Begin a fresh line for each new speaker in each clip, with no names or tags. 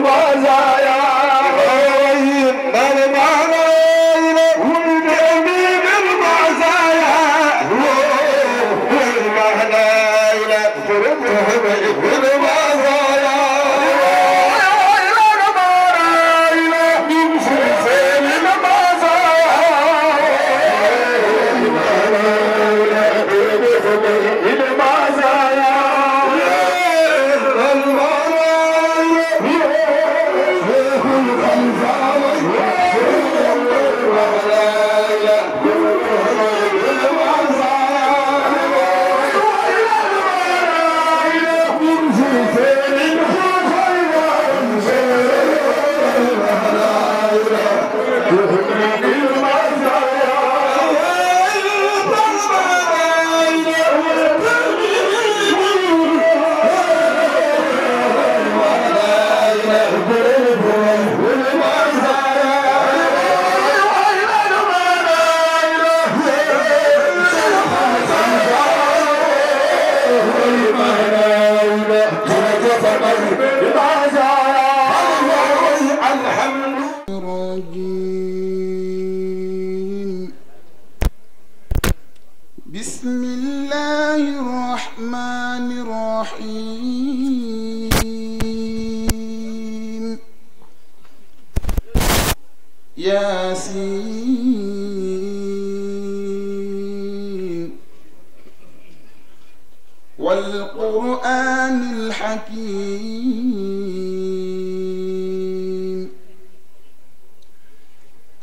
Wow.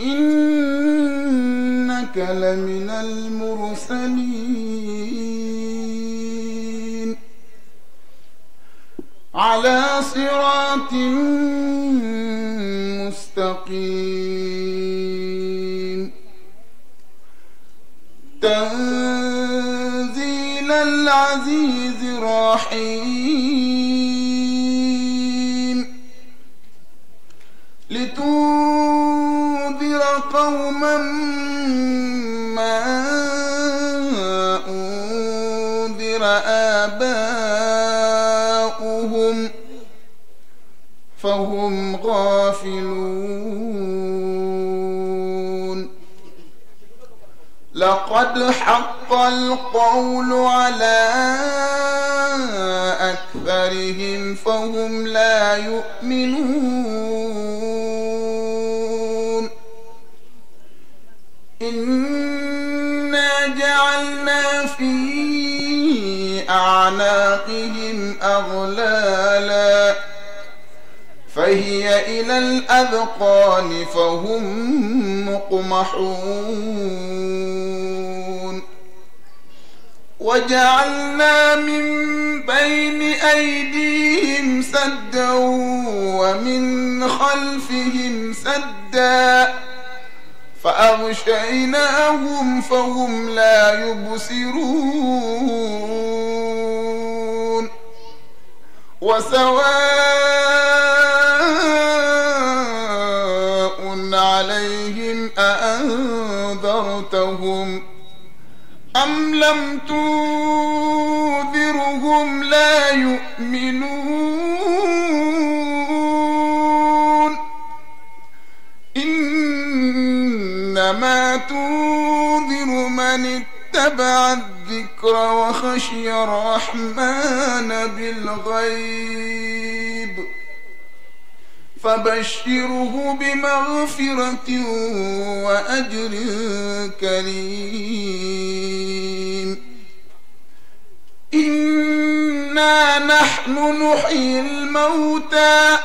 إنك لمن المرسلين على صراط مستقيم تنزيل العزيز الرحيم لتنزيل قوما ما أنذر آباؤهم فهم غافلون لقد حق القول على أكثرهم فهم لا يؤمنون إنا جعلنا في أعناقهم أغلالا
فهي
إلى الأذقان فهم مقمحون وجعلنا من بين أيديهم سدا ومن خلفهم سدا فأغشيناهم فهم لا يبصرون وسواء عليهم أأنذرتهم أم لم تنذرهم لا يؤمنون اتبع الذكر وخشي الرحمن بالغيب فبشره بمغفرة وأجر كريم إنا نحن نحيي الموتى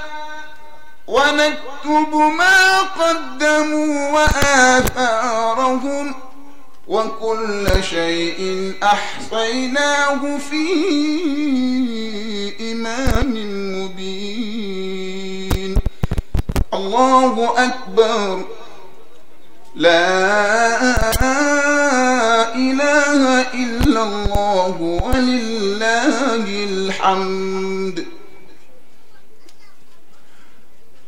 ونكتب ما قدموا وآثارهم وكل شيء أحصيناه في إمام مبين الله أكبر لا إله إلا الله ولله الحمد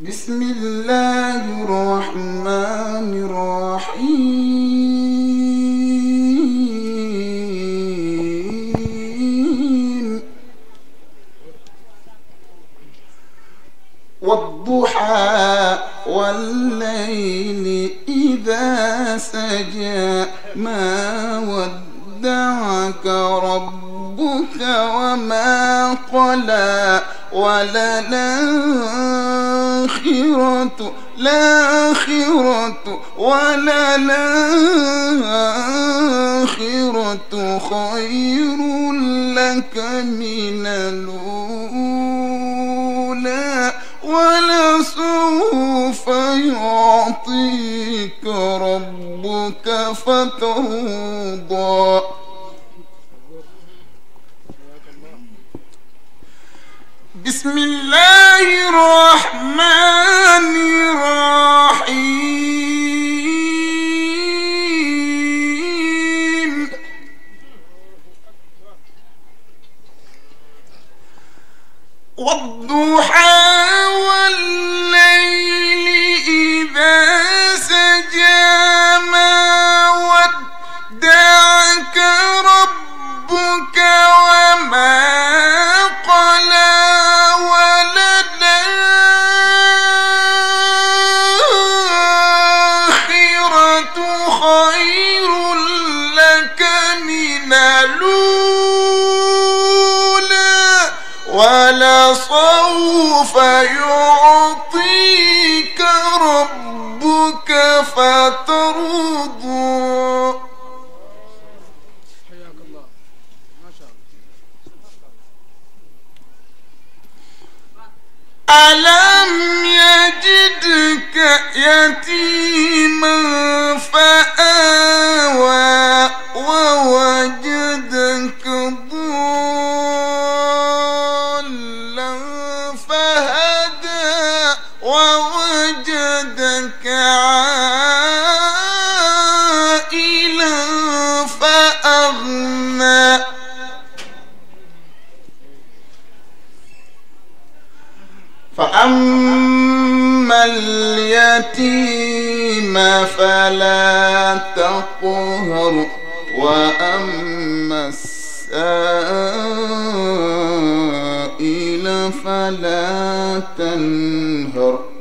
بسم الله الرحمن الرحيم والضحى والليل إذا سجى ما ودعك ربك وما قلى وللآخرة الآخرة وللآخرة خير لك من الأولى ولسوف يعطيك ربك فترضى بسم الله الرحمن الرحيم والضحى سوف يعطيك ربك فترضى حياك الله ما شاء الله ألم يجدك يتيما فأ اليتيم فلا تقهر وأما السائل فلا تنهر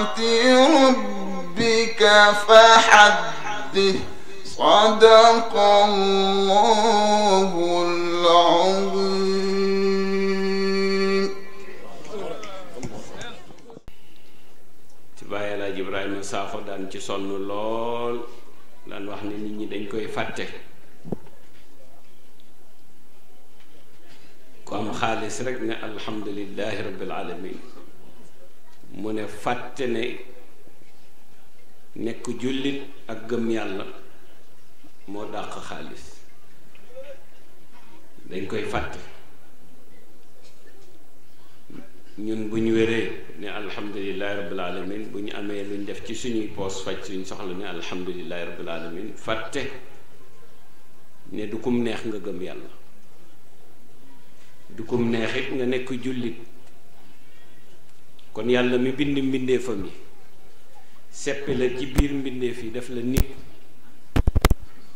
ربك فحدث صدق الله العظيم
ci bàyyi laaj Ibrahima Sakho daan ci sonn lool daan wax ne nit ñi dañ koy fàtte ku am xaalis rek ne alhamdulillahi rabbil alamin mu ne fàtte ne nekk jullit ak gëm yàlla moo dàq xaalis dañ koy fàtte ñun bu ñu wéree ne alhamdulilahi rabbil alamin bu ñu amee luñ def ci suñuy poos faj suñ soxla ne alhamdulilahi rabbil alamin fàtte ne du kum neex nga gëm yàlla du kum neex it nga nekk jullit kon yàlla mi bind mbindeefam yi seppi la ci biir mbindeef yi def la nit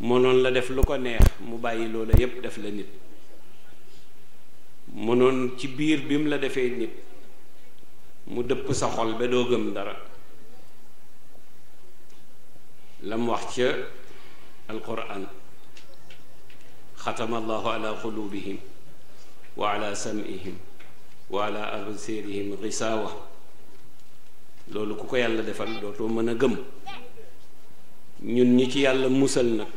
mënoon la def lu ko neex mu bàyyi loola yépp def la nit mënoon ci biir bi mu la defee nit mu dëpp sa xol ba doo gëm dara lam wax ca alquran xatama allahu ala qulubihim wa ala sam'ihim wala absirihim xisaawa loolu ku ko yàlla defal dootoo mën a gëm ñun ñi ci yàlla musal nag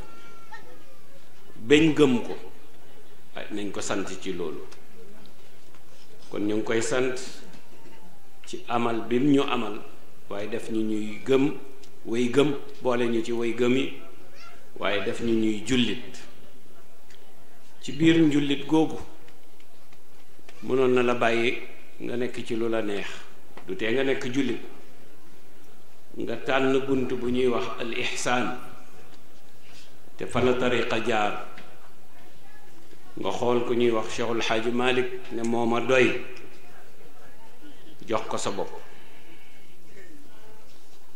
bëñ gëm ko nañ ko sant ci loolu kon ñu ngi koy sant ci amal bi ñu amal waaye def ñu ñuy gëm way gëm boole ñu ci way gëm yi waaye def ñu ñuy jullit ci biir njullit googu mënoon na la bàyyi nga nekk ci lu la neex du tee nga nekk jullit nga tànn bunt bu ñuy wax al te fa la tariqa jaar nga xool ku ñuy wax Cheikhul Xaaji Malik ne moo ma doy jox ko sa bopp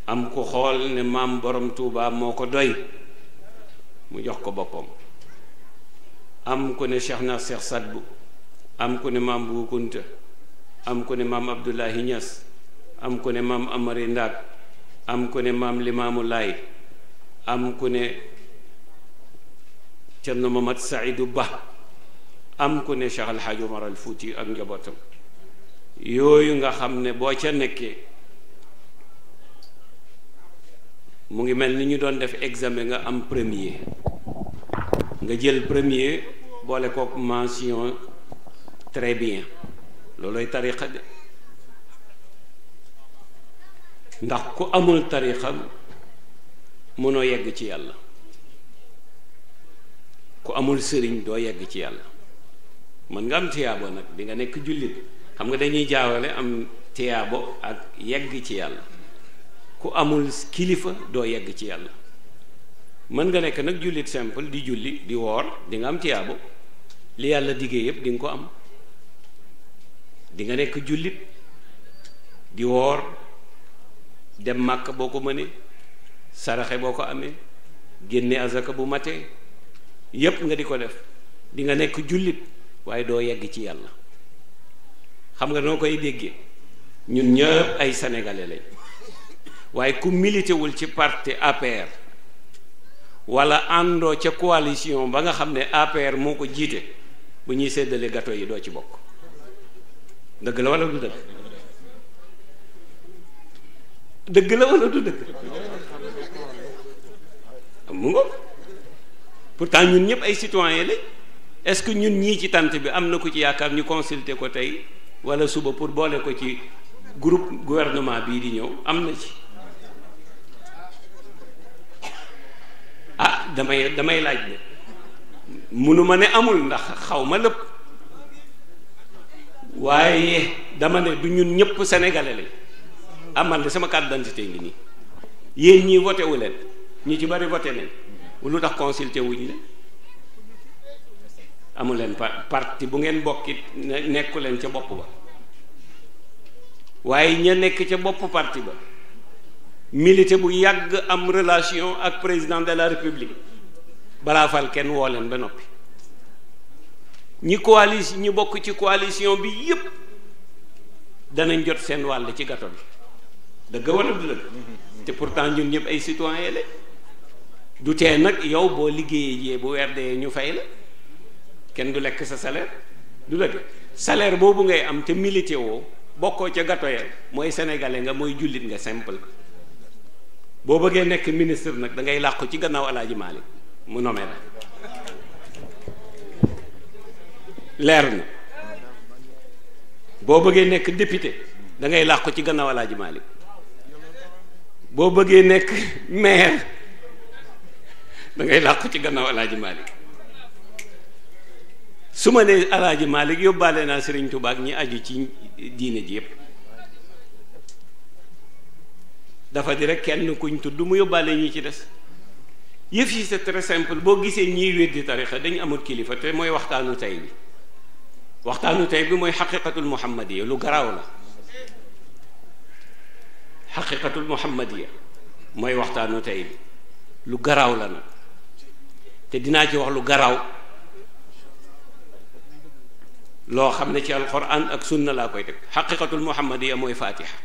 am ku xool ne maam borom tuubaab moo ko doy mu jox ko boppam am ku ne Cheikh na Cheikh Sadbu am ku ne maam Bou Kounta am ku ne maam Abdoulahi ñas am ku ne maam Amari Ndaak am ku ne maam Limaamu Laay am ku ne Cerno mat Saidu Ba am ku ne Cheikh Al Hadj ak njabootam yooyu nga xam ne boo ca nekkee mu ngi mel ni ñu doon def examen nga am premier nga jël premier boole kook mention très bien looloy tariqa de ndax ku amul tariqa mënoo yegg ci yàlla ku amul sëriñ doo yegg ci yàlla mën nga am tiyaabo nag di nga nekk jullit xam nga dañuy jaawale am tiyaabo ak yegg ci yàlla ku amul kilifa doo yegg ci yàlla mën nga nekk nag jullit simple di julli di woor dinga am tiyaabo li yàlla diggee yépp di nga ko am di nga nekk jullit di woor dem màkk boo ko mënee saraxe boo ko amee génne azaka bu matee yépp nga di ko def di nga nekk jullit waaye doo yegg ci yàlla xam nga noo koy déggee ñun ñëpp ay sénégalais lañ waaye ku militewul ci parti APR wala àndoo ca coalition ba nga xam ne APR moo ko jiite bu ñuy séddale gato yi doo ci bokk dëgg la wala du dëgg dëgg la wala du dëgg mu ngo pourtant ñun ñëpp ay citoyen lañ est-ce que ñun ñii ci tant bi am na ko ci yaakaar ñu consulter ko tey wala suba pour boole ko ci groupe gouvernement bii di ñëw am na ci ah damay damay laaj de mënu ma ne amul ndax xaw ma lépp waaye dama ne du ñun ñëpp sénégalais lañ amal ah, de sama carte d'identité ngi nii yéen ñii voté leen ñi ci bari vote nañ lu tax consulté wuñ leen amu leen parti bu ngeen bokkit nekku leen ca bopp ba waaye ña nekk ca bopp parti ba milité bu yàgg am relation ak président de la république balaa fal kenn woo leen ba noppi ñi coalition ñi bokk ci coalition bi yépp danañ jot seen wàll ci gato bi dëgg wala du dëgg mm-hmm. te pourtant ñun ñëpp ay citoyen la du tee nag yow boo liggéeyee jee bu weer dee ñu fay la kenn du lekk sa salaire du dëgg salaire boobu ngay am te milité woo bokkoo ca gato ya mooy sénégalais nga mooy jullit nga simple boo bëggee nekk ministre nag da ngay làqu ci gannaaw alaaji Maalik mu nommé la leer na boo bëggee nekk député da ngay làqu ci gannaaw Alaaji Maalik boo bëggee nekk maire dangay ngay làqu ci gannaaw Alaaji Maalik su ma nee Alaaji Maalik yóbbaale naa Sëriñ Tuubaa ak ñi aju ci diine ji yépp dafa di rek kenn kuñ tudd mu yóbbaale ñi ci des yëf yi sa très simple boo gisee ñiy weddi tarixa dañu amul kilifa te mooy waxtaanu tey bi waxtaanu tey bi mooy xaqiqatul muhammadiya lu garaaw la xaqiqatul muhammadiya mooy waxtaanu tey bi lu garaaw la te dinaa ci wax lu garaaw loo xam ne ci alquran ak sunna laa koy teg xaqiqatul muhammadiya mooy fatiha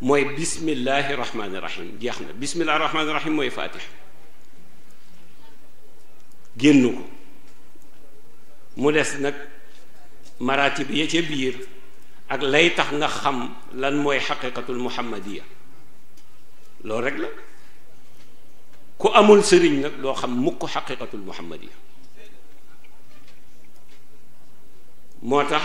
mooy bismillahi rahmaani rahim jeex na bismillahi rahmaani rahim mooy fatiha génn ko mu des nag maratib ya ca biir ak lay tax nga xam lan mooy xaqiqatul muhammadiya loolu rek la ku amul sëriñ nag doo xam mukk xaqiqatul muhammadiya moo tax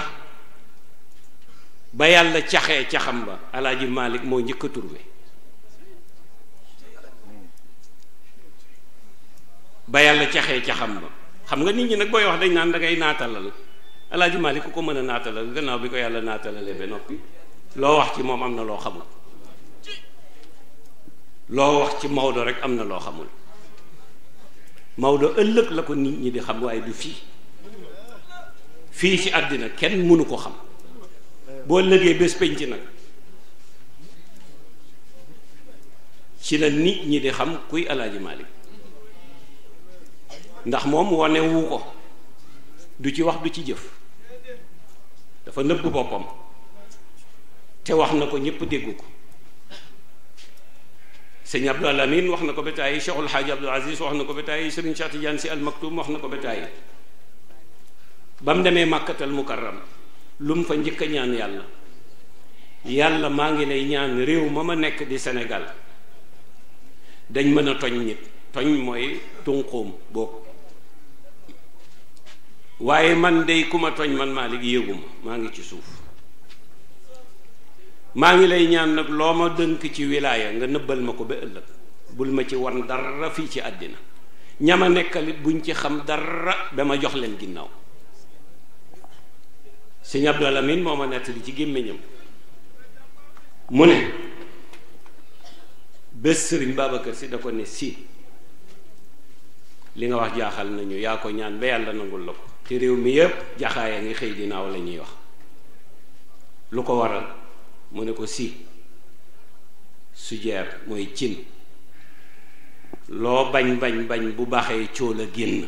ba yàlla caxee caxam ba alaaji Malik moo njëkk a turbe ba yàlla caxee caxam ba xam nga nit ñi nag booy wax dañ naan dangay ngay naatalal alaaji Maalik ku ko mën a naatalal gannaaw bi ko yàlla naatalalee ba noppi loo wax ci moom am na loo xamul loo wax ci Maodo rek am na loo xamul Maodo ëllëg la ko nit ñi di xam waaye du fii fii ci àddina kenn mënu ko xam boo lëgee bés penc nag ci la nit ñi di xam kuy alaaji Maalik ndax moom wane wu ko du ci wax du ci jëf dafa nëbb boppam te wax na ko ñëpp dégg ko sëñ Abdoul Amin wax na ko ba tàyyi Cheikhul Hadj Aziz wax na ko ba tàyyi Serigne Cheikh Tidiane Sy Al Maktoum wax na ko ba tàyyi ba mu demee Màkkatal Mukarram lu mu fa njëkk a ñaan yàlla yàlla maa ngi lay ñaan réew ma ma nekk di senegal dañ mën a toñ ñépp toñ mooy tunqoom boog waaye man dey ku ma tooñ man Maalik yëguma maa ngi ci suuf maa ngi lay ñaan nag loo ma dënk ci wilaaya nga nëbbal ma ko ba ëllëg bul ma ci wan dara fii ci àddina ñama nekkalit buñ ci xam dara dama jox leen ginnaaw sëñ Abdou Lamine moo ma nettali ci gémmiñam mu ne bés sëriñ Babacar si da ko ne si li nga wax jaaxal nañu yaa ko ñaan ba yàlla nangul la ko ci réew mi yépp jaxaaya ngi xëy dinaaw la ñuy wax lu ko waral mu ne ko si sujeer mooy cin loo bañ bañ bañ bu baaxee cóol a génn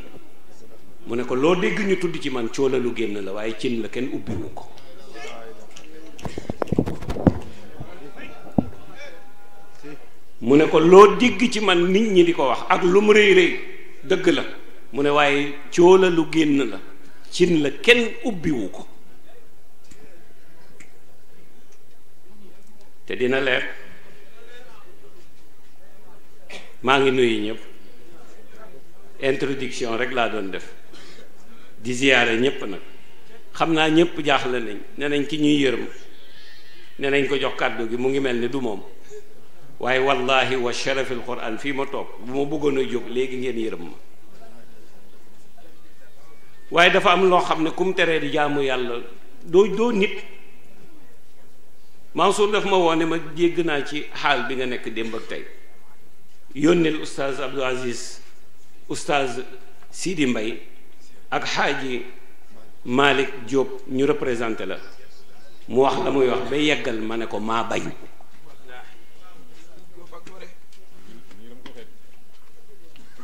mu ne ko loo dégg ñu tudd ci man cóola lu génn la waaye cin la kenn ubbiwu ko mu ne ko loo dégg ci man nit ñi di ko wax ak lu mu rëy rëy dëgg la mu ne waaye cóola lu génn la cin la kenn ubbiwu ko te dina leer maa ngi nuyu ñëpp introduction rek laa doon def di ziyaare ñëpp nag xam naa ñëpp jaaxle nañ ne nañ ki ñuy yërëm ne nañ ko jox kàddu gi mu ngi mel ni du moom waaye wallahi wa sharafil quran fii ma toog bu ma bëggoon a jóg léegi ngeen yërëm ma waaye dafa am loo xam ne ku mu teree di jaamu yàlla doo doo nit Mansour daf ma woone ma jégg naa ci xaal bi nga nekk démb ak tey yónneel oustaz Abdou Aziz oustaz Sidi Mbay ak xaaji Malick jóob ñu représenté la mu wax la muy wax ba yeggal ma ne ko maa bañ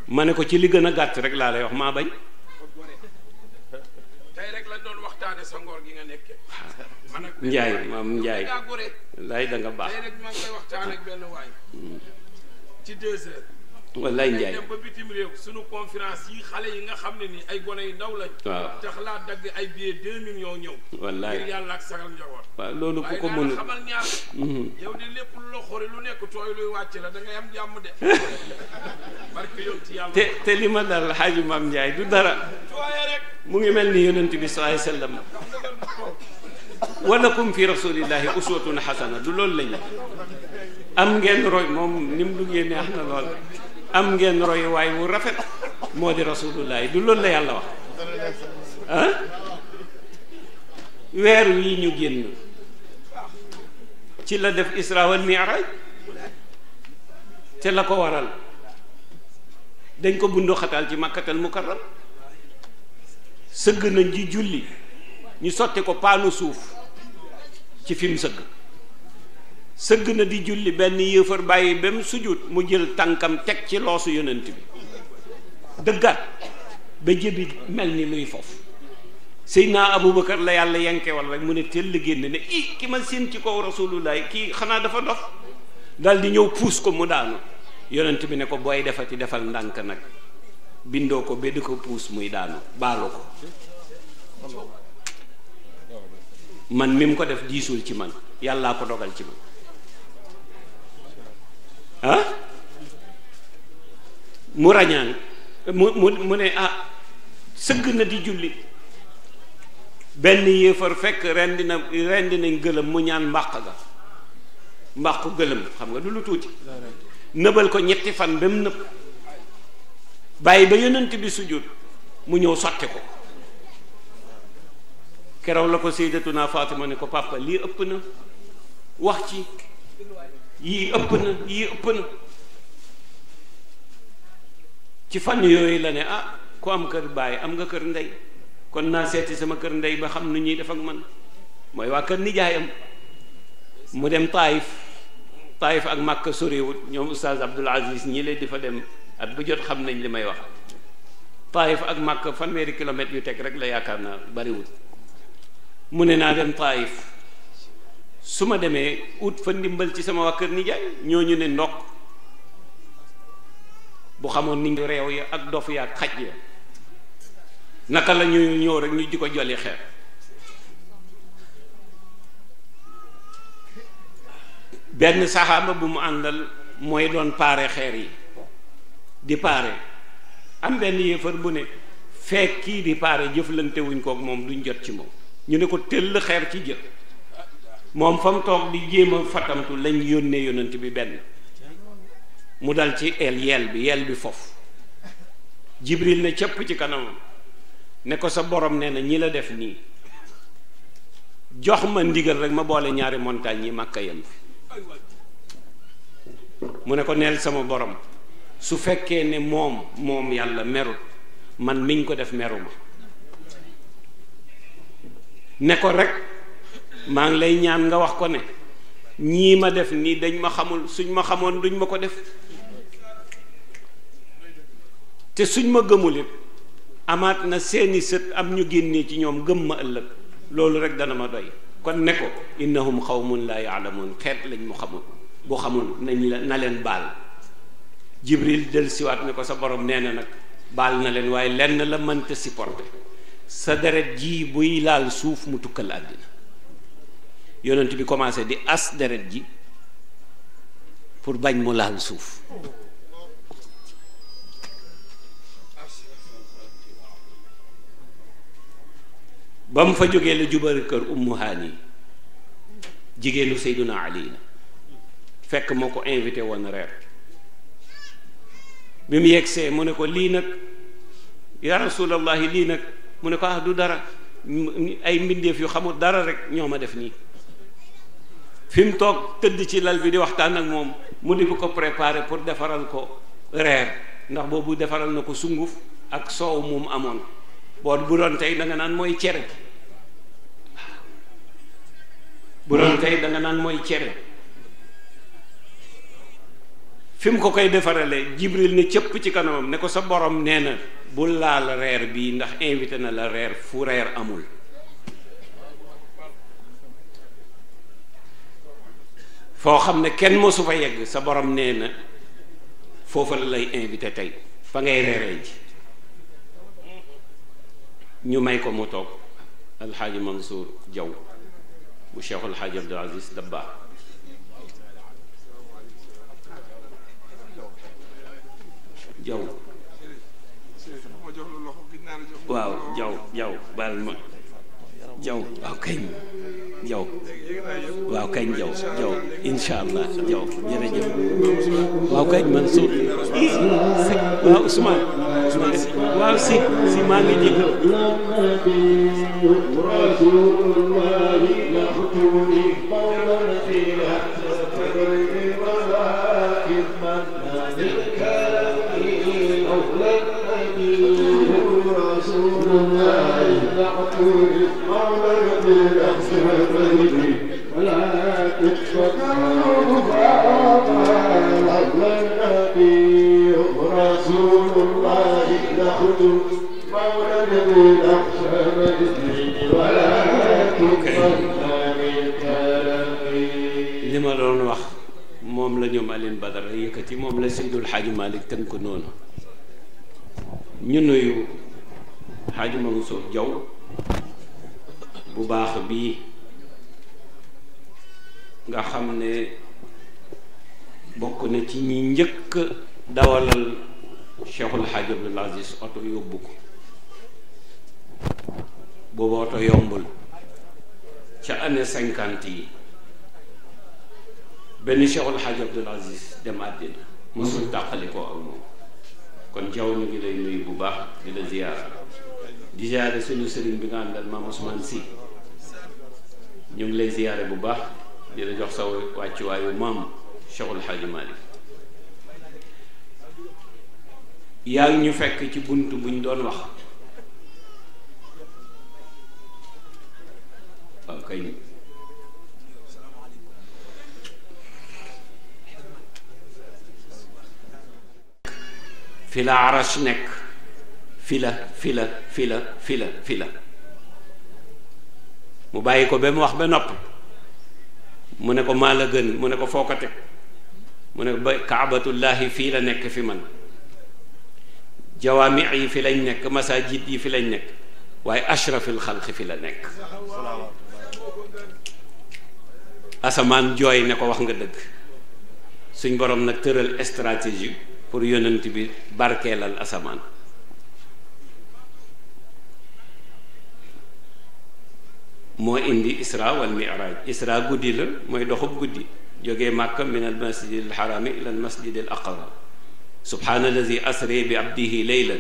ma ne ko ci li gën a gàtt rek laa lay wax maa bañ sa ngor gi nga nekke man nag njaay maam njaay lay da baax tey nag maa ngi
wallaay Ndiaye dem
ba bitim réew suñu conférence yi xale yi nga xam ne ni ay gone yu ndaw lañ. waaw tax laa dagg ay billets deux millions ñëw. wallaay ngir yàlla ak waaw loolu ku ko mënul xamal ñaar. Mhm. yow lépp lu la lu nekk tooy luy wàcc la da am jàmm de. barke te te li ma dal xaaju maam du dara. tooye rek. mu ngi mel ni yonent bi sallallahu alayhi wasallam. walakum fi rasulillahi na xasana du loolu lañu am ngeen roy moom ni mu duggee neex na lool. am ngeen royuwaay wu rafet moo di rasulullah du loolu la yàlla wax weer wi ñu génn ci la def isra mi mi'raj te la ko waral dañ ko bundu xataal ci makkatal mukarram sëgg na ji julli ñu sotti ko paanu suuf ci fi mu sëgg sëgg na di julli benn yéefar bàyyi ba mu sujut mu jël tànkam teg ci loosu yonent bi dëggat ba jëbi mel ni luy foofu Seydina Aboubacar la yàlla yenkewal rek mu ne teel génn ne i ki ma seen ci kaw rasulullahi kii xanaa dafa dox dal di ñëw puus ko mu daanu yonent bi ne ko booy defati defal ndànk nag bindoo ko ba ko puus muy daanu baalu
ko
man mi mu ko def diisul ci man yàllaa ko dogal ci man ah mu rañaan mu mu mu ne ah sëgg na di julli benn yéefar fekk rendi na rendi nañ gëlëm mu ñaan mbàq ga mbàqu gëlëm xam nga du lu tuuti nëbal ko ñetti fan ba mu nëb bàyyi ba yonent bi sujud mu ñëw sotti ko keroog la ko sayyidatuna Fatima ne ko papa lii ëpp na wax ci yii ëpp na yii ëpp na ci fan yooyu la ne ah ku am kër baay am nga kër ndey kon naa seeti sama kër ndey ba xam nu ñuy def ak man mooy wax kër nijaayam mu dem taayif taayif ak màkk soriwut ñoom oustaz abdul aziz ñi leen di fa dem at bu jot xam nañ li may wax taayif ak màkk fanweeri kilomètres yu teg rek la yaakaar naa bariwut mu ne naa dem taayif su ma demee ut fa ndimbal ci sama waa kër nijaay ñu ne ndokk bu xamoon ni réew ya ak dof ya xaj ya naka la ñuy ñëw rek ñu di ko jolli xeer benn saxaaba bu mu àndal mooy doon paare xeer yi di paare am benn yéefar bu ne fekk kii di paare jëflante kook moom duñ jot ci moom ñu ne ko tëll xeer ci jël moom fa mu toog di jéem a fatamtu lañ yónnee yonant bi benn mu dal ci el yel bi yel bi foofu jibril ne cëpp ci kanamam ne ko sa borom nee na ñi la def nii jox ma ndigal rek ma boole ñaari montagne yi màkka yam fi mu ne ko neel sama borom su fekkee ne moom moom yàlla merut man miñ ko def meruma ne ko rek maa ngi lay ñaan nga wax ko ne ñii ma def nii dañ ma xamul suñ ma xamoon duñ ma ko def te suñ ma gëmul it amaat na seeni sët am ñu génnee ci ñoom gëm ma ëllëg loolu rek dana ma doy kon ne ko xaw mun laa yaalamuun xeet lañ mu xamul bu xamul nañ la na leen baal jibril del siwaat ne ko sa boroom nee na nag baal na leen waaye lenn la mënta supporter sa deret ji buy laal suuf mu tukkal àddina yonent bi commencé di as deret ji pour bañ mu laal suuf ba mu fa jógee la jubari kër ummu haani jigéenu seyduna ali la fekk moo ko invité won reer bi mu yegsee mu ne ko lii nag ya rasulallahi lii nag mu ne ko ah du dara ay mbindeef yu xamul dara rek ñoo ma def nii fi mu toog tëdd ci lal bi di waxtaan ak moom mu di ko préparer pour defaral ko reer ndax boobu defaral na ko sunguf ak soow moom amoon bool bu doon tey danga naan mooy cere bu doon naan mooy cere fi ko koy defarale jibril ne cëpp ci kanamam ne ko sa borom nee na bu laal reer bii ndax invité na la reer fu reer amul foo xam ne kenn mosu fa yegg sa borom nee na foofa la lay invité tey fa ngay reeree ji ñu may ko mu toog alxaaji Mansour Diaw mu cheikh alxaaji Abdul Aziz Dabba Diaw waaw Diaw Diaw baal ma Diaw waaw kañ jaw waaw jaw jaw incha allah jaw jërëjëf waaw kañ man suur waaw Ousmane waaw si si maa ngi jéggal
li ma doon
wax moom la ñoom Alioune Badara yëkkati moom la Seydul Xaaju Malick tënk noonu ñu nuyu Xaaju Mansour Jaw bu baax bii nga xam ne bokk na ci ñi njëkk dawalal Cheikhul Hadj Abdoul Aziz oto yóbbu ko boobu oto yombul ca année cinquante yi benn Cheikhul Hadj Abdoul Aziz dem àddina mosul tàqali ko ak moom kon jaww mi ngi lay nuyu bu baax di la ziyaara di ziyaare suñu sëriñ bi nga àndal maam Ousmane Sy ñu ngi lay ziyaare bu baax li la jox sa wàccuwaayu maam Cheikhul Hadji Malick yaa ngi ñu fekk ci bunt buñ doon wax waaw kay fi nekk fi la fi la fi la fi la fi la mu bàyyi ko ba mu wax ba noppi mu ne ko maa la gën mu ne ko foo ko teg mu ne ko ba fii la nekk fi man jawaami yi fi lañ nekk masajid yi fi lañ nekk waaye ashrafil xalqi fi la nekk asamaan jooy ne ko wax nga dëgg suñ borom nag tëral stratégie pour yonent bi barkeelal asamaan moo indi isra wal mi'raj isra guddi la mooy doxub guddi jógee màkka min al masjid al xarami ila al masjid al aqsa subhaana alladi asri bi abdihi leylan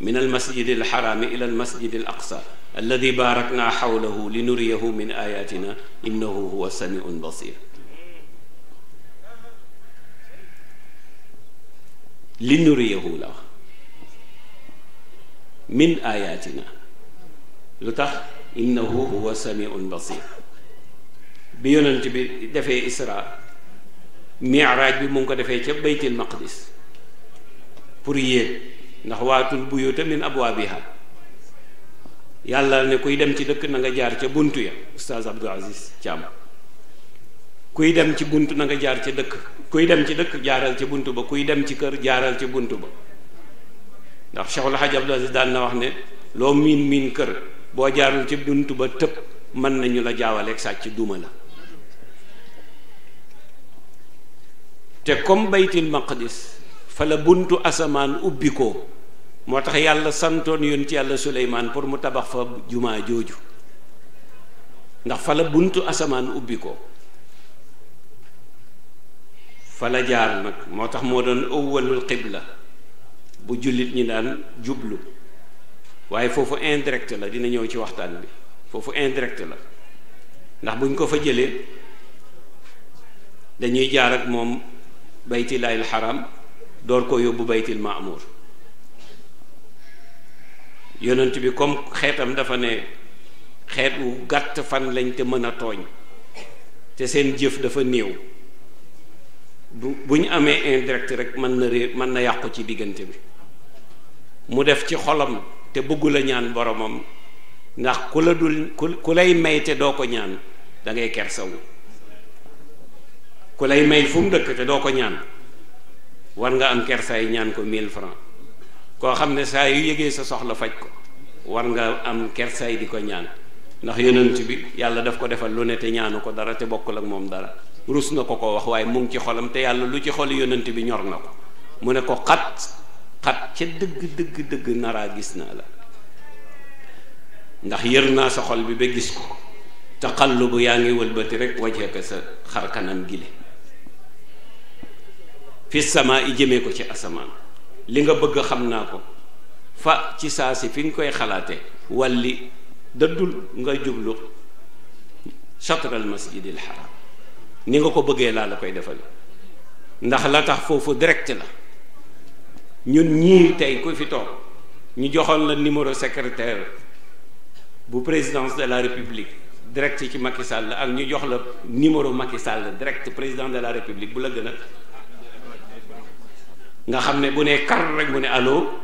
min al masjid al xarami ila al masjid al aqsa alladi baarakna xawlahu li nuriyahu min ayatina innahu huwa samiun basir li nuriyahu la wax min ayatina lu tax innahu huwa samiun basir bi yonent bi defee isra miraaj bi mu ngi ko defee ca baytil maqdis pour yéeg ndax waatu waatul buyuta min abwaabiha yàlla ne kuy dem ci dëkk na nga jaar ca bunt ya oustaz Abdou Aziz Thiam kuy dem ci bunt nanga jaar ca dëkk kuy dem ci dëkk jaaral ca bunt ba kuy dem ci kër jaaral ca bunt ba ndax Cheikhul Hadj Abdou Aziz daan na wax ne loo miin miin kër boo jaarul ci buntu ba tëb mën nañu la jaawaleeg sàcc duma la te comme baytil maqdis fa la buntu asamaan ubbi ko moo tax yàlla santoon yoon ci yàlla suleymaan pour mu tabax fa jumaa jooju ndax fa la buntu asamaan ubbi ko fa la jaar nag moo tax moo doon awwalul xibla bu jullit ñi daan jublu waaye foofu indirect la dina ñëw ci waxtaan bi foofu indirect la ndax buñ ko fa jëlee dañuy jaar ak moom baytilaayil xaram door ko yóbbu baytil maamuur yonent bi comme xeetam dafa ne xeet wu gàtt fan lañ te mën a tooñ te seen jëf dafa néew bu bu ñu amee indirect rek mën na réer mën na yàqu ci diggante bi mu def ci xolam te bëggula ñaan boromam ndax ku la dul ku lay may te doo ko ñaan da ngay kersawu ku lay may fu mu dëkk te doo ko ñaan war nga am kersaay ñaan ko mil francs koo xam ne saa yu yëgee sa soxla faj ko war nga am kersaay di ko ñaan ndax yonent bi yàlla daf ko defal lu ne te ñaanu ko dara te bokkul ak moom dara rus na ko ko wax waaye mu ngi ci xolam te yàlla lu ci xol yonent bi ñor na ko mu ne ko xat xat ca dëgg dëgg dëgg naraa gis naa la ndax yër naa sa xol bi ba gis ko te xallu bu yaa ngi walbati rek wajee ko sa xar kanam gile fi sama i jëmee ko ci asamaan li nga bëgg xam naa ko fa ci saa si fi nga koy xalaate walli dëddul nga jublu chatral masjidil haram ni nga ko bëggee laa la koy defal ndax la tax foofu direct la ñun ñii tey ku fi toog ñu joxoon la numéro secrétaire bu présidence de la république direct ci Macky Sall ak ñu jox la numéro Macky Sall direct président de la république bu la gën a nga xam ne bu ne kar rek mu ne allo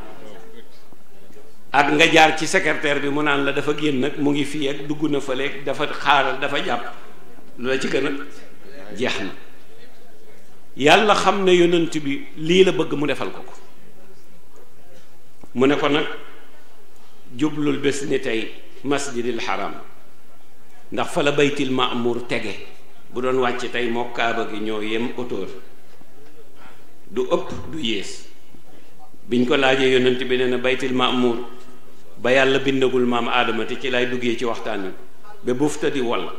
ak nga jaar ci secrétaire bi mu naan la dafa génn nag mu ngi fii ak dugg na fële dafa xaaral dafa jàpp lu la ci gën jeex na yàlla xam ne yonent bi lii la bëgg mu defal ko ko mu ne ko nag jublul bés ni tey masjidil haram ndax fala la baytil maamur tege bu doon wàcc tey moo kaaba gi ñoo yem autour du ëpp du yées biñ ko laajee yonent bi nee na baytil maamur ba yàlla bindagul maam aadama te ci lay duggee ci waxtaan wi ba bufta di wal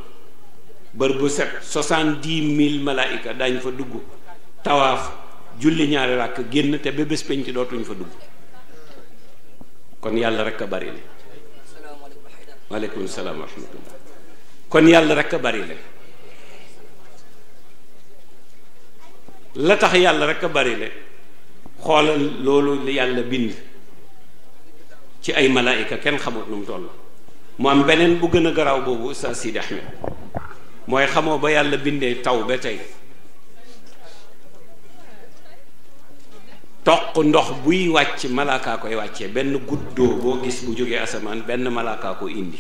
bër bu set soixante-dix mille malaayika daañ fa dugg tawaaf julli ñaari ràkk génn te ba bés peñ dootuñ fa dugg kon yàlla rek a bari le waaleykum salaam wa kon yàlla rek a bari la la tax yàlla rek a bari la xoolal loolu yàlla bind ci ay malaayika kenn xamut nu mu toll mu am beneen bu gën a garaaw boobu sa Sidi Ahmed mooy xamoo ba yàlla bindee taw ba tey toq ndox buy wàcc malaakaa koy wàccee benn guddoo boo gis bu jógee asamaan benn malaakaa ko indi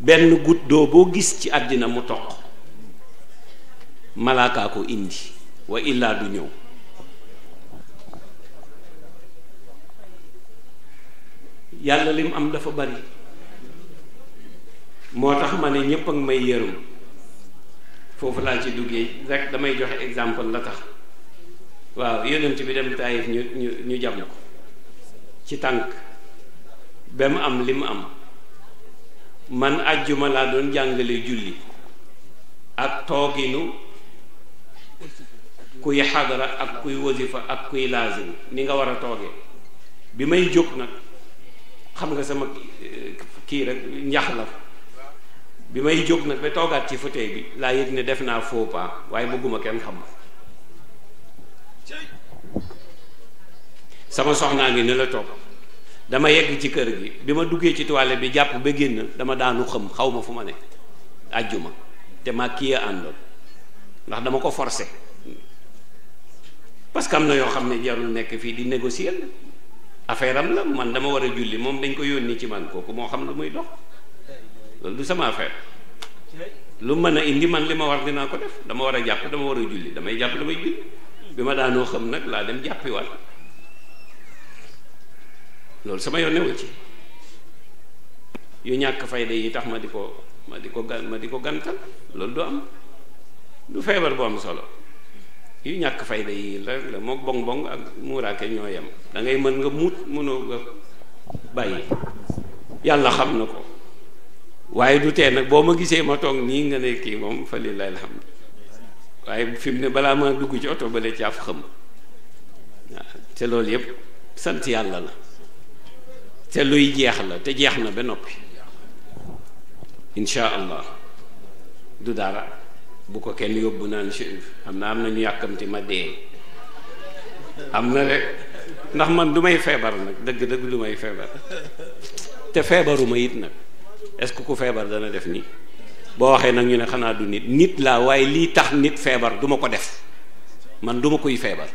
benn guddoo boo gis ci àddina mu toq malaakaa ko indi wa illaa du ñëw yàlla lim am dafa bari moo tax ma ne ñépp ak may yërëm foofu laa ci duggee rekk damay joxe exemple la tax waaw yonent bi dem taayif ñu ñu ñu jam ko ci tànk ba mu am li mu am man àjjuma laa doon jàngale julli ak tooginu kuy xadara ak kuy wasifa ak kuy laazim ni nga war a toogee bi may jóg nag xam nga sama eh, kii rek njax la bi may jóg na ba toogaat ci fauteuil bi laa yëg ne def naa faux pas waaye bëgguma kenn xam sama soxnaa ngi ne la toog dama yegg ci kër gi bi ma duggee ci toilette bi jàpp ba génn dama daanu xëm xaw ma fu ma ne àjjuma te ma kii a àndoon ndax dama ko forcé parce que am na yoo xam ne jarul nekk fii di négocier affaire am la man dama war a julli moom dañ ko yónni ci man kooku moo xam lu muy dox loolu du sama affaire lu mën a indi man li ma war dinaa ko def dama war a jàpp dama war a julli damay jàpp damay julli bi ma daanoo xam nag laa dem jàppi waat loolu sama yoon newu ci yu ñàkk fayda yi tax ma di ko ma di ko ma di ko gantal loolu du am du feebar bu am solo yu ñàkk fayda yi la la moo bong bong ak muuraake ñoo yem da mën nga muut mënoo nga bàyyi yàlla xam na ko waaye du tee nag boo ma gisee ma toog nii nga ne kii moom fa lillahi alhamdu waaye fi ne balaa ma dugg ci oto ba de caaf xam waaw te loolu yépp sant yàlla la te luy jeex la te jeex na ba noppi insha allah du dara bu ko kenn yóbbu naan si am na am na ñu yàkkamti ma dee am na rek ndax man dumay feebar nag dëgg-dëgg du feebar te feebaruma yit nag est-ce que ku feebar dana def nii boo waxee nag ñu ne xanaa du nit nit laa waaye lii tax nit feebar duma ko def man duma kuy feebar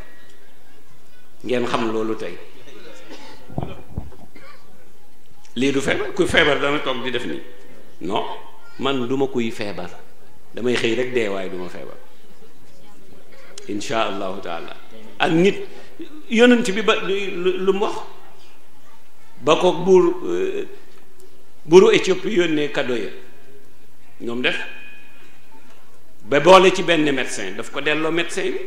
ngeen xam loolu tey lii du feebar ku feebar dana toog di def nii non man duma kuy feebar damay xëy rek dee waaye duma feebar insha allahu taala ak nit yonent bi ba lu mu wax ba ko buur buuru Éthiopie yónnee cadeau ya ñoom def ba boole ci benn médecin daf ko delloo médecin bi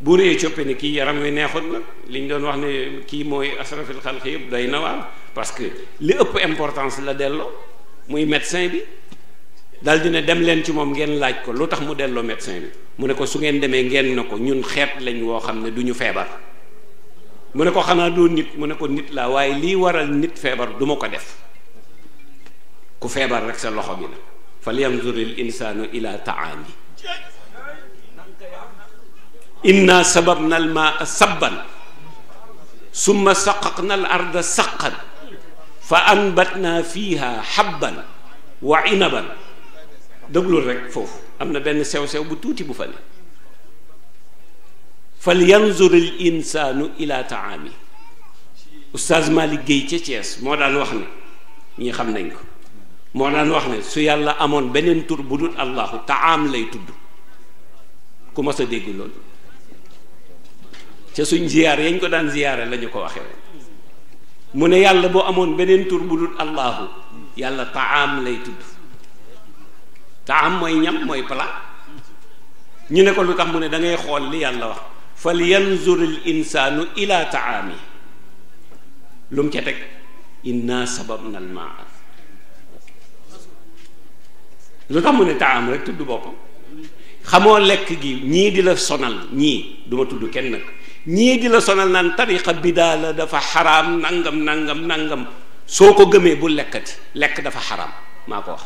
buuru Éthiopie ne kii yaram wi neexoon na liñ doon wax ne kii mooy asrafil xalq yëpp doy na waar parce que li ëpp importance la delloo muy médecin bi dal di ne dem leen ci moom ngeen laaj ko lu tax mu delloo médecin bi mu ne ko su ngeen demee ngeen ne ko ñun xeet lañ woo xam ne du ñu feebar mu ne ko xanaa doo nit mu ne ko nit laa waaye lii waral nit feebar du ma ko def ku feebar rek sa loxo bi la fal yanzuril insaanu ila taami inna sababna al maa sabban summa saqaqna al arda saqan fa anbatna fiha habban wa inaban rek foofu am na benn sew-sew bu tuuti bu fa fal yanzur al insaanu ila taami oustaz Malick liggéey ci Thiès moo daan wax ne ñi xam nañ ko moo daan wax ne su yàlla amoon beneen tur bu dul allahu taam lay tudd ku mas suñ ziyaar yañ ko daan ziyaare la ñu ko waxee mu ne yàlla boo amoon beneen tur bu dul allahu yàlla taam lay tudd taam mooy ñam mooy plat ñu ne ko lu tax mu ne da ngay xool li yàlla wax fal yanzur al insaanu ila taami lu mu ca teg inna sababna al maa lu tax mu ne tudd boppam xamoo lekk gi ñii di ñii duma tudd kenn nag ñii di la sonal naan tariqa bidaa dafa xaraam nangam nangam nangam soo ko gëmee bu lekkati lekk dafa xaraam maa ko wax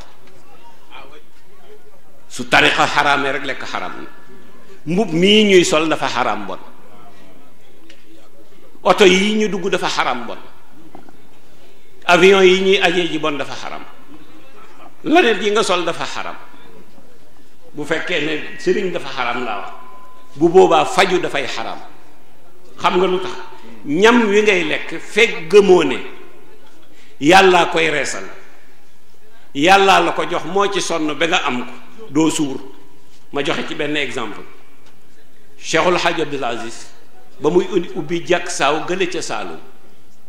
su tariqa xaraamee rek lekk xaraam mbubb mi ñuy sol dafa xaram bon oto yi ñu dugg dafa xaram bon avion yi ñuy ajee ji bon dafa xaram lanet yi nga sol dafa xaram bu fekkee ne sëriñ dafa xaram laa wax bu boobaa faju dafay xaram xam nga lu tax ñam wi ngay lekk fekk gëmoo ne yàllaa koy reesal yàllaa la ko jox moo ci sonn ba nga am ko doo suur ma joxe ci benn exemple Cheikhul Hadj Abdoul Aziz ba muy ubbi jàkk saaw gële ca Saalum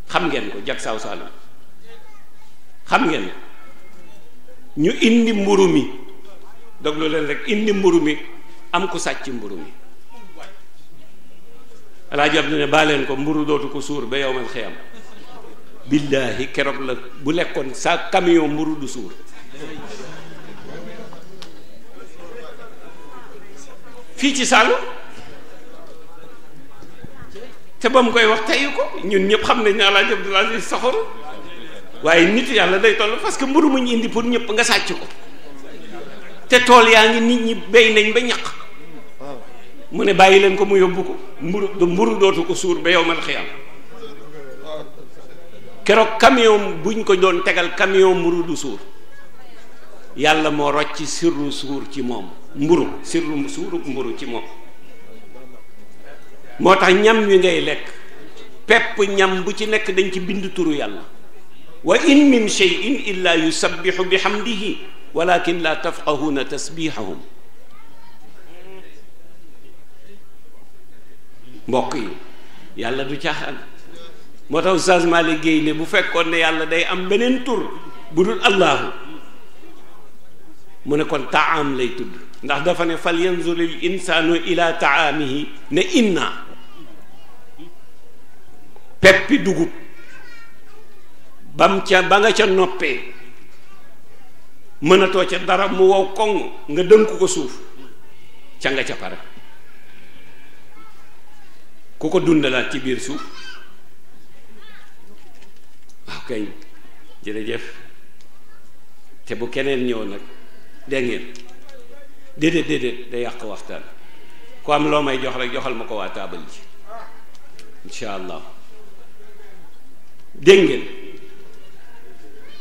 xam ngeen ko jàkk saaw Saalum xam ngeen ñu indi mburu mi doglu leen rek indi mburu mi am ku sàcc mburu mi alaaji Abdu ne baa ko mburu dootu ko suur ba yow man xëyam billaahi keroog la bu lekkoon sa camion mburu du suur fii ci Saalum te ba mu koy wax teyu ko ñun ñëpp xam nañ ne Alaaji Abdul Aziz soxor waaye nit yàlla day toll parce que mburu mu ñu indi pour ñëpp nga sàcc ko te tool yaa ngi nit ñi béy nañ ba ñaq mu ne bàyyi leen ko mu yóbbu ko mburu mburu dootu ko suur ba yow mal xiyam keroog camion buñ ko doon tegal camion mburu du suur yàlla moo rocc sirru suur ci moom mburu sirru suuru mburu ci moom moo tax ñam wi ngay lekk pepp ñam bu ci nekk dañ ci bind turu yàlla wa in min shay'in illa yusabbihu bihamdihi walakin la tafqahuna tasbihahum mbokk yi yàlla du caaxaan moo tax Oustaz Malick Guèye ne bu fekkoon ne yàlla day am beneen tur bu dul allahu mu ne kon taam lay tudd ndax dafa ne fal yanzuril insaanu ila taamihi ne inna peppi dugub bam ca ba nga ca noppee mënatoo ca dara mu wow koŋ nga dënk ko suuf ca nga ca pare ku ko dundalaat ci biir suuf waaw kay jërëjëf te bu keneen ñëw nag dégg ngeen déedéet déedéet day yàq waxtaan ku am loo may jox rek joxal ma ko waa taabal ji incha allah dégg ngeen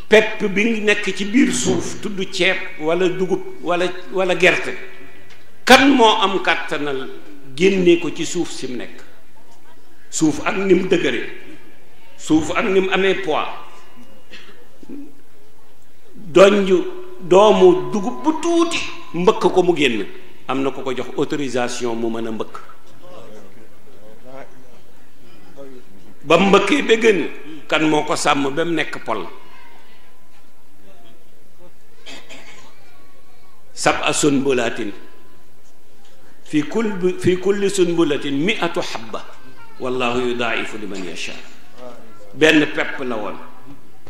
pepp bi ngi nekk ci biir suuf tudd ceeb walla dugub wala wala gerte kan moo am kàttanal génne ko ci suuf si mu nekk suuf ak ni mu dëgëree suuf ak ni mu amee poids donj doomu dugub bu tuuti mbëkk ko mu génn am na ko ko jox autorisation mu mën a mbëkk ba mbëkkee ba gën kan moo ko sàmm ba mu nekk pol sab a sunbulatin fi kulli fi kulli sunbulatin miatu habba wallahu yudaifu liman yasha benn pepp la woon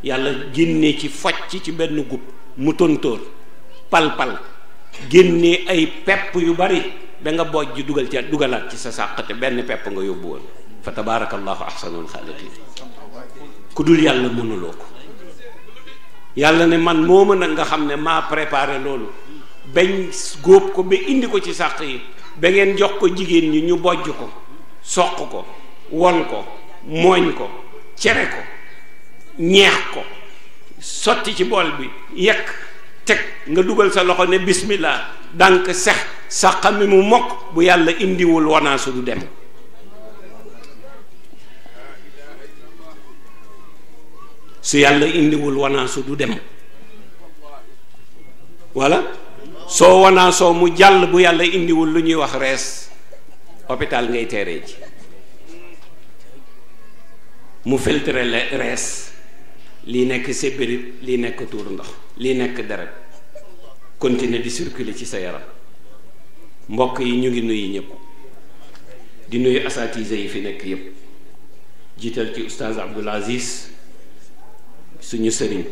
yàlla génnee ci focc ci benn gub mu tontóor palpal pal génnee ay pepp yu bari ba nga bojj dugal ca dugalaat ci sa te benn pepp nga yóbbu woon fa tabaarakallahu ahsanul xaaliqin ku dul yàlla mënuloo ko yàlla ne man mën nag nga xam ne maa préparé loolu bañ góob ko ba indi ko ci sàq yi ba ngeen jox ko jigéen ñi ñu bojj ko soq ko won ko mooñ ko cere ko ñeex ko sotti ci bool bi yekk teg nga dugal sa loxo ne bismillah dànk sex sàqa mi mu mokk bu yàlla indiwul wanaasu du dem su yàlla indiwul wanaasu du dem voilà soo wanaasoo mu jàll bu yàlla indiwul lu ñuy wax rees hôpital ngay teere ji mu filtre rees lii nekk sébbirit lii nekk tuur ndox lii nekk deret continuer di circuler ci sa yaram mbokk yi ñu ngi nuyu ñëpp di nuyu assatise yi fi nekk yëpp jiital ci oustaz Abdoul Aziz suñu sëriñ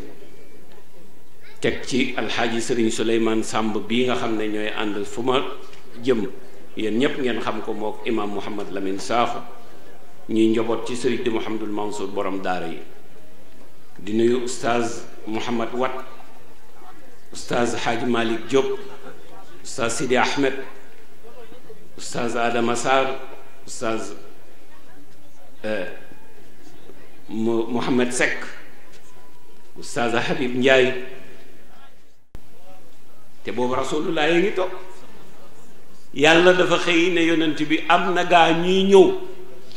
teg ci alxaaji sëriñ Souleymane Samb bii nga xam ne ñooy ànd fu ma jëm yéen ñépp ngeen xam ko mook imaam Mouhamad Lamine Sakho ñuy njoboot ci sëriñ di Mouhamadul Mansour borom daara yi di nuyu oustaz Mouhamad Wat oustaz Hadj Malick Diop oustaz Sidi Ahmed oustaz Adama Sarr oustaz euh, Mouhamed Seck ustaaza Habib Njaay te boobu rasulullah yi ngi toog yàlla dafa xëy ne yonent bi am na gaa ñuy ñëw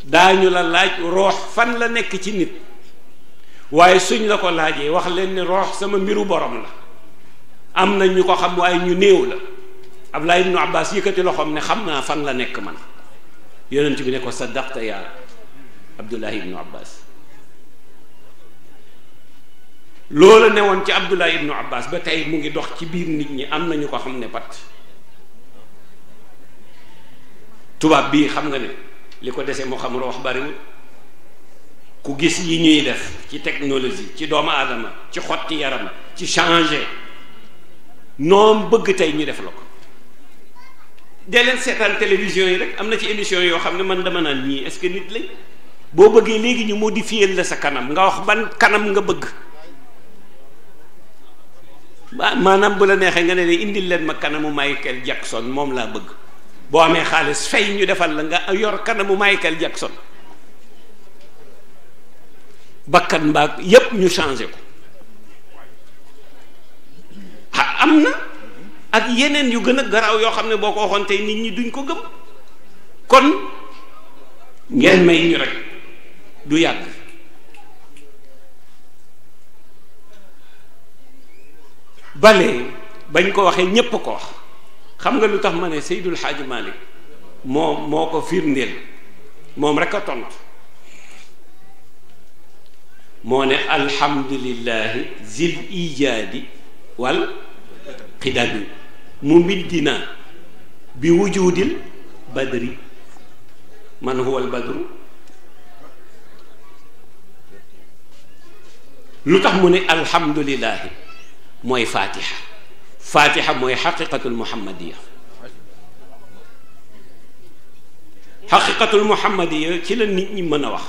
daañu la laaj roox fan la nekk ci nit waaye suñ la ko laajee wax leen ni roox sama mbiru borom la am na ñu ko xam waaye ñu néew la Abdullah ibnu Abbas yëkkati loxoom ne xam naa fan la nekk man yonent bi ne ko saddaqta yaa Abdullah ibnu Abbas loola newoon ci Abdullah ibnu Abbas ba tey mu ngi dox ci biir nit ñi am nañu ko xam ne pat tubaab bii xam nga ne li ko dese moo xam wax bariwul ku gis yi ñuy def ci technologie ci doomu aadama ci xotti yaram ci changer noom bëgg tey ñu def la ko dee leen seetaan télévision yi rek am na ci émission yoo xam ne man dama naan ñii est-ce que nit lañ boo bëggee léegi ñu modifier la sa kanam nga wax ban kanam nga bëgg maanaam bu la neexee nga ne ne indil leen ma kanamu Michael Jackson moom laa bëgg boo amee xaalis fay ñu defal la nga yor kanamu Michael Jackson bakkan mbaag yépp ñu changé ko ah am na ak yeneen yu gën a garaaw yoo xam ne boo ko waxoon tey nit ñi duñ ko gëm kon ngeen may ñu rek du yàgg bale bañ ko waxee ñépp ko wax xam nga lu tax ma ne Seydul Xaaji Malik moom moo ko firndeel moom rek a tontu moo ne alhamdulillahi zil ijaadi wal qidami mu middina bi wujudil badri man huwa al badru lu tax mu ne alhamdulillahi mooy faatiha faatiha mooy xaqiqatul muhammadiya xaqiqatul muhammadiya ci la ni ñi mën a wax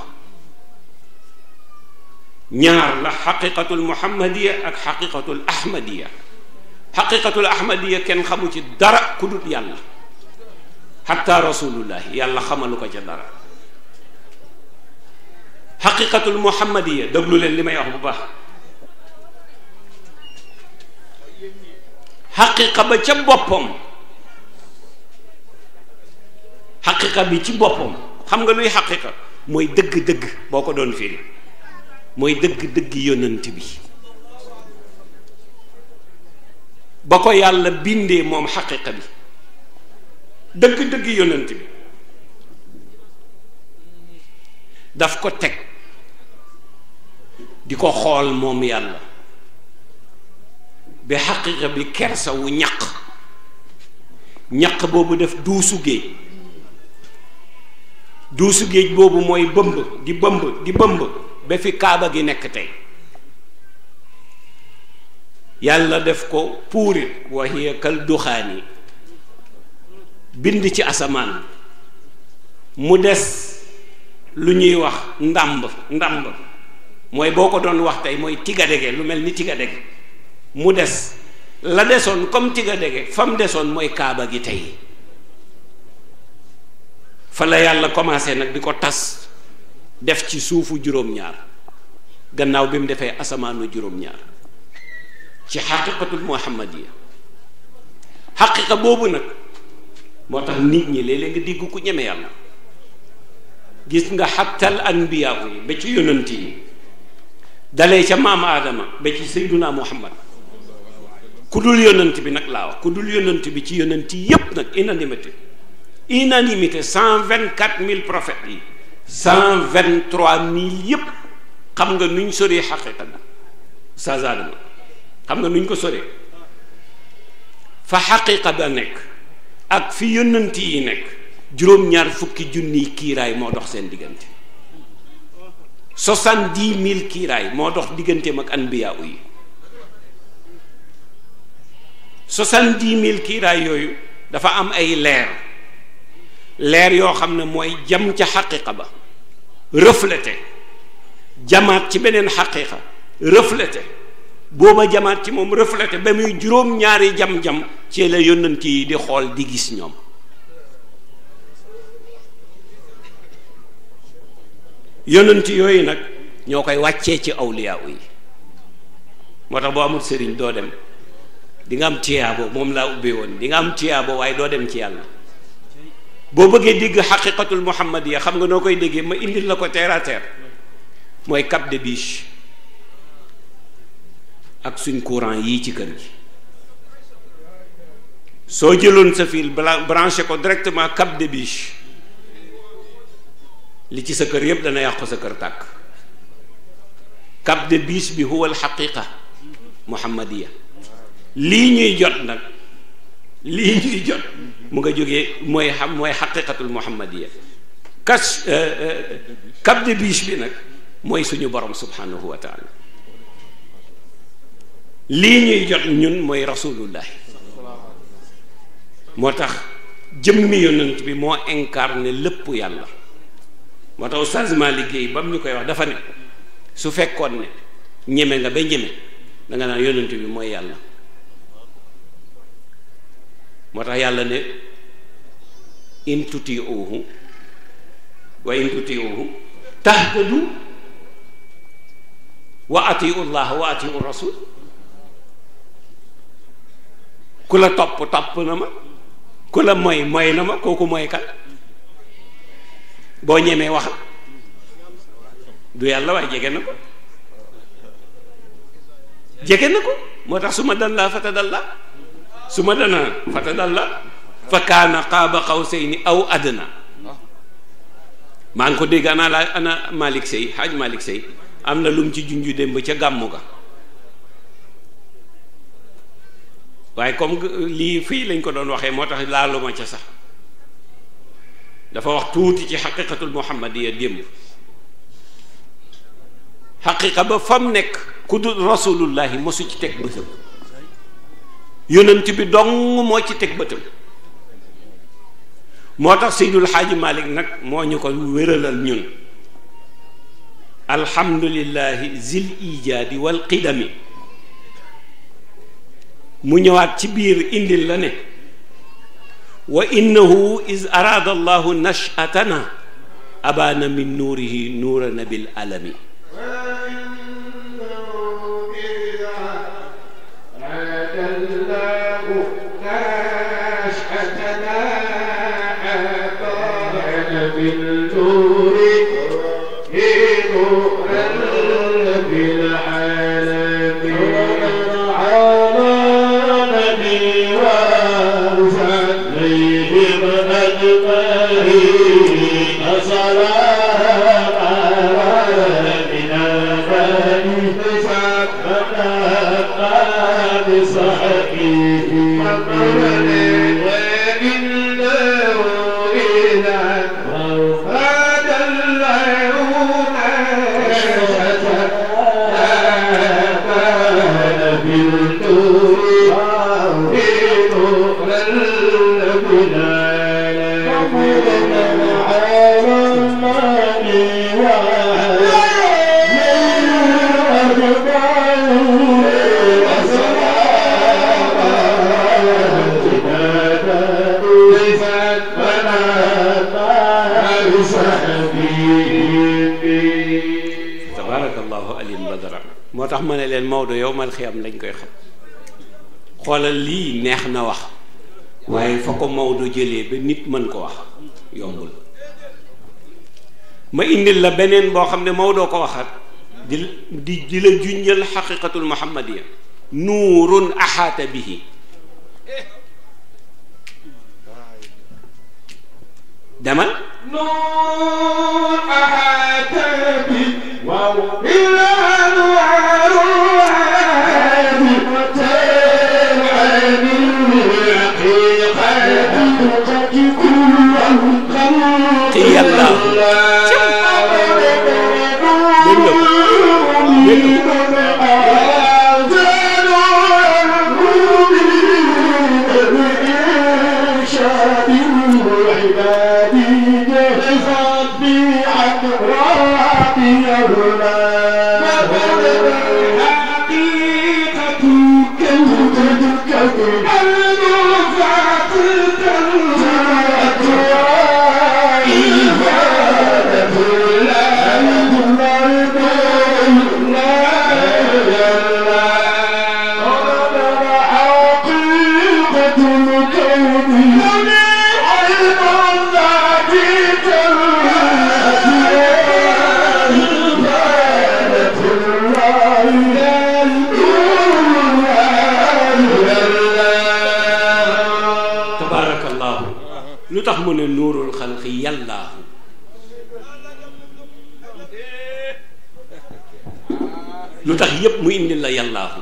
ñaar la xaqiqatul muhammadiya ak xaqiqatul ahmadiya xaqiqatul kenn xamu ci dara ku dul yàlla rasulullahi yàlla xamalu ko ca dara xaqiqatul muhammadiya déglu leen li may wax bu baax xaqiqa ba ca boppam xaqiqa bi ci boppam xam nga luy xaqiqa mooy dëgg-dëgg boo ko doon firi mooy dëgg-dëgg yonent bi ba ko yàlla bindee moom xaqiqa bi dëgg-dëgg yonent bi daf ko teg di ko xool moom yàlla bi xaqiqa bi kersa ñaq ñaq boobu def duusu géej duusu géej boobu mooy bëmb di bëmb di bëmb ba fi kaaba gi nekk tey yàlla def ko puurit wa hiya kal duxaani bind ci asamaan mu des lu ñuy wax ndàmb ndàmb mooy boo ko doon wax tey mooy tigadege lu mel ni tigadege mu des la desoon comme ci ga dege fa mu desoon mooy kaaba gi tey fa la yàlla commencé nag di ko tas def ci suufu juróom-ñaar gannaaw bi mu defee asamaanu juróom-ñaar ci xaqiqatul muhammadiya xaqiqa boobu nag moo tax nit ñi léeg-léeg nga digg ku ñeme yàlla gis nga xattal anbiyaa yi ba ci yonant yi dalee ca maam aadama ba ci sayyiduna muhammad ku dul yonent bi nag laa wax ku dul yonent bi ci yonent yépp nag unanimité unanimité cent vingt quatre mille prophètes yi cent vingt trois mille yépp xam nga nuñ soree xaqiqa bi Oustaz Adama xam nga nuñ ko soree fa xaqiqa ba nekk ak fi yonent yi nekk juróom-ñaar fukki junniy kiiraay moo dox seen diggante soixante di mille kiiraay moo dox digganteem ak anbiyaa yi soixante-dix mille kiiraay yooyu dafa am ay leer leer yoo xam ne mooy jam ca xaqiqa ba reflété jamaat ci beneen xaqiqa reflété booba jamaat ci moom reflété ba muy juróom-ñaari jam-jam ci la yónnant yi di xool di gis ñoom yónnant yooyu nag ñoo koy wàccee ci awliyaaw yi moo tax boo amul sëriñ doo dem di nga am tiyaabo moom laa ubbee woon di nga am tiyaabo waaye doo dem ci yàlla boo bëggee dégg xaqiqatul muhammadiya xam nga noo koy déggee ma indil la ko terre mooy cap de biche ak suñ courant yii ci kër gi soo jëloon sa fil branché ko directement cap de biche li ci sa kër yépp dana yàqu sa kër tàkk cap de biche bi huwa al muhammadiya lii ñuy jot nag lii ñuy jot mu nga jógee mooy xam mooy xaqiqatul muhammadiya kas euh, euh, cap de bi nag mooy suñu borom subhanahu wa lii ñuy jot ñun mooy rasulullahi moo tax jëmmi yonent bi moo incarné lépp yàlla moo tax Oustaz Malick Guèye ba mu ñu koy wax dafa ne su fekkoon ne ñeme nga ba ñeme da nga naan bi mooy yàlla moo tax yàlla ne in tutiuhu wa in tutiuhu tahtadu wa atiu llah wa atiu rasul ku la topp topp na ma ku la moy moy na ma kooku moy kan boo ñemee waxal du yàlla waaye jege na ko jege na ko moo tax su ma dan laa fata dal su ma dana la fa kaana qaaba ni aw adna maa ngi ko dégg ana la ana Malick Sey xaaj Malick Sey am na lum mu ci junju démb ca gàmmu ga waaye comme lii fii lañ ko doon waxee moo tax laaluma ca sax dafa wax tuuti ci xaqiqatul muhammadiya démb xaqiqa ba fam nekk ku dul rasulullahi mosu ci teg bësam yonent bi dong moo ci teg bëtam moo tax seydul xaaji malik nag moo ñu ko wéralal ñun alhamdulillahi zil ijaadi wal qidami mu ñëwaat ci biir indil la ne wa innahu is araada allahu nashatana abaana min nuurihi nuura nabil alami moo tax ma ne leen Maodo yow mal xiyam lañ koy xam xoolal lii neex na wax waaye fa ko Maodo jëlee ba nit mën ko wax yombul ma indil la beneen boo xam ne Maodo ko waxat di di di la junjal xaqiqatul muhammadiya nuurun axaata bihi demal
nuur axaata bihi
yàlla yépp mu indil la yàllaahu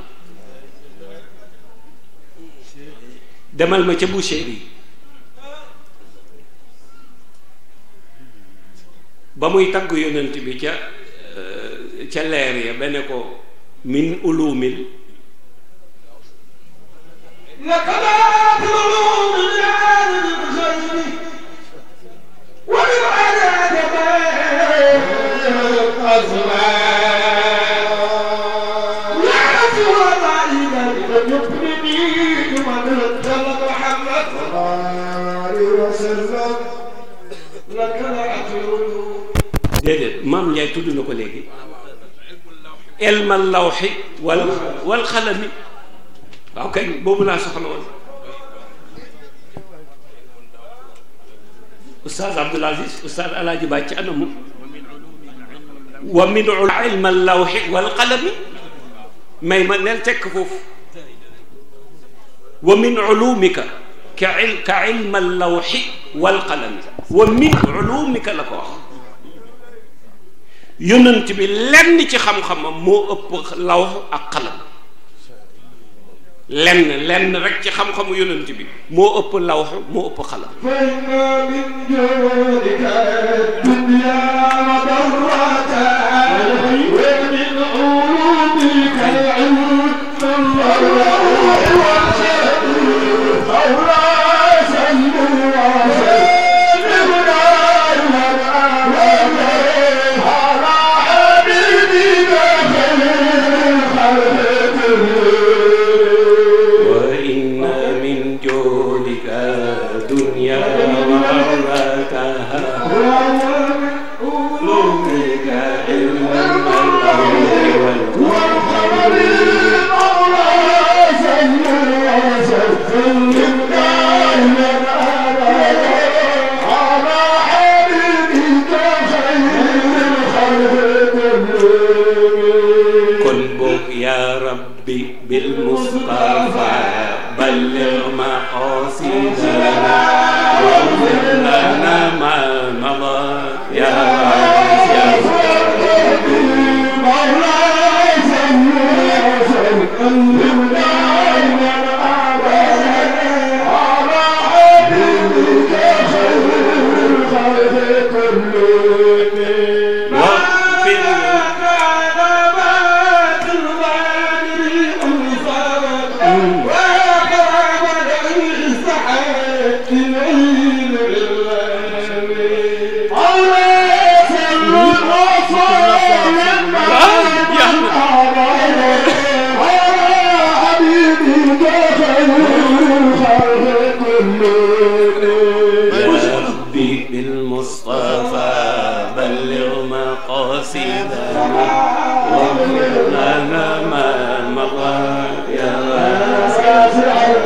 demal ma ca Busiri ba muy tagg yonent bi ca euh, ca leer ya ba ne ko min ulumil xel tudd na ko léegi elmal lawxi wal wal xalami waaw kañ boobu laa soxla woon ustaaz Abdul Aziz ustaaz alaaji bàcc anamu wa min ilmal lawxi wal xalami may ma neel tekk foofu wa min ulumika ka ilmal lawxi wal xalami wa min ulumika la ko wax yonent bi lenn ci xam-xamam moo ëpp law ak xalam lenn lenn rek ci xam-xamu yonent bi moo ëpp law moo ëpp xalam ربي بالمصطفى بلغ مقاصدنا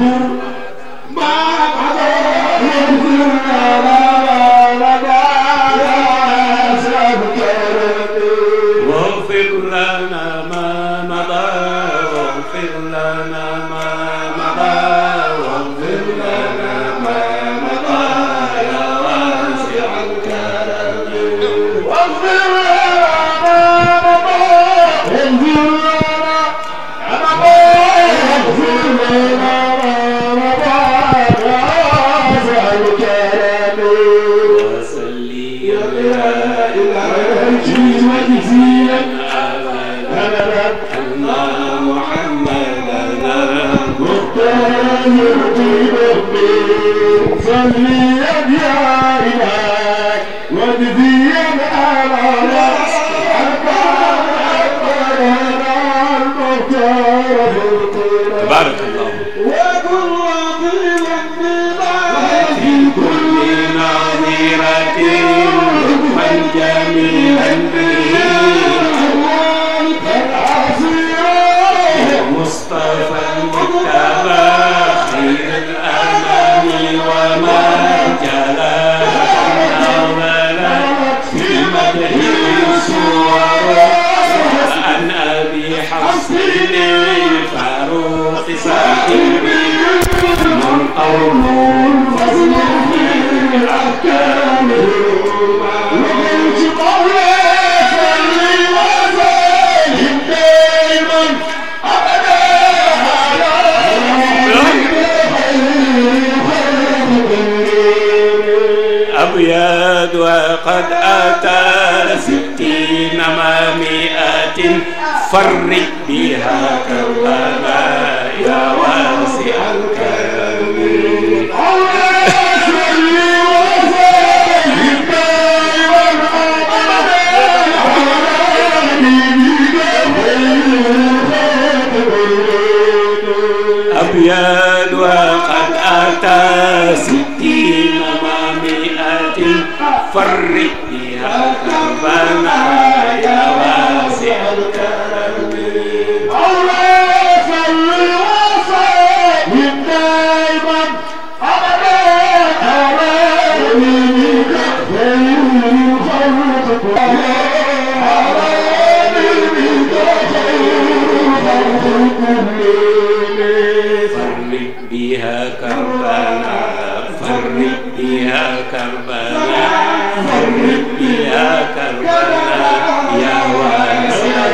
pour أبيض وقد أتى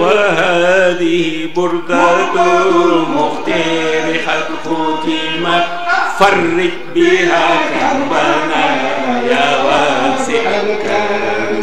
وهذه بردة المختار حق ختمت فرج بها كربنا يا واسع الكرم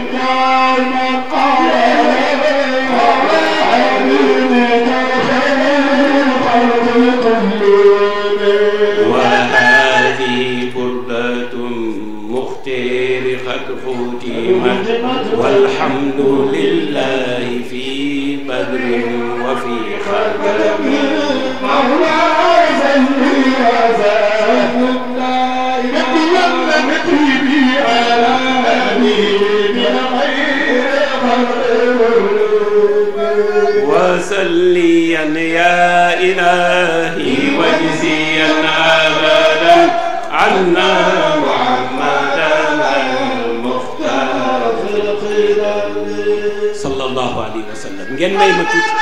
والحمد لله في بدر وفي خلق مولاي سلمي
وسلم نبي النبي بآلامي من خير خلق
وسليا يا إلهي وجزيا أبدا عنا وعنا ngeen may ma tuuti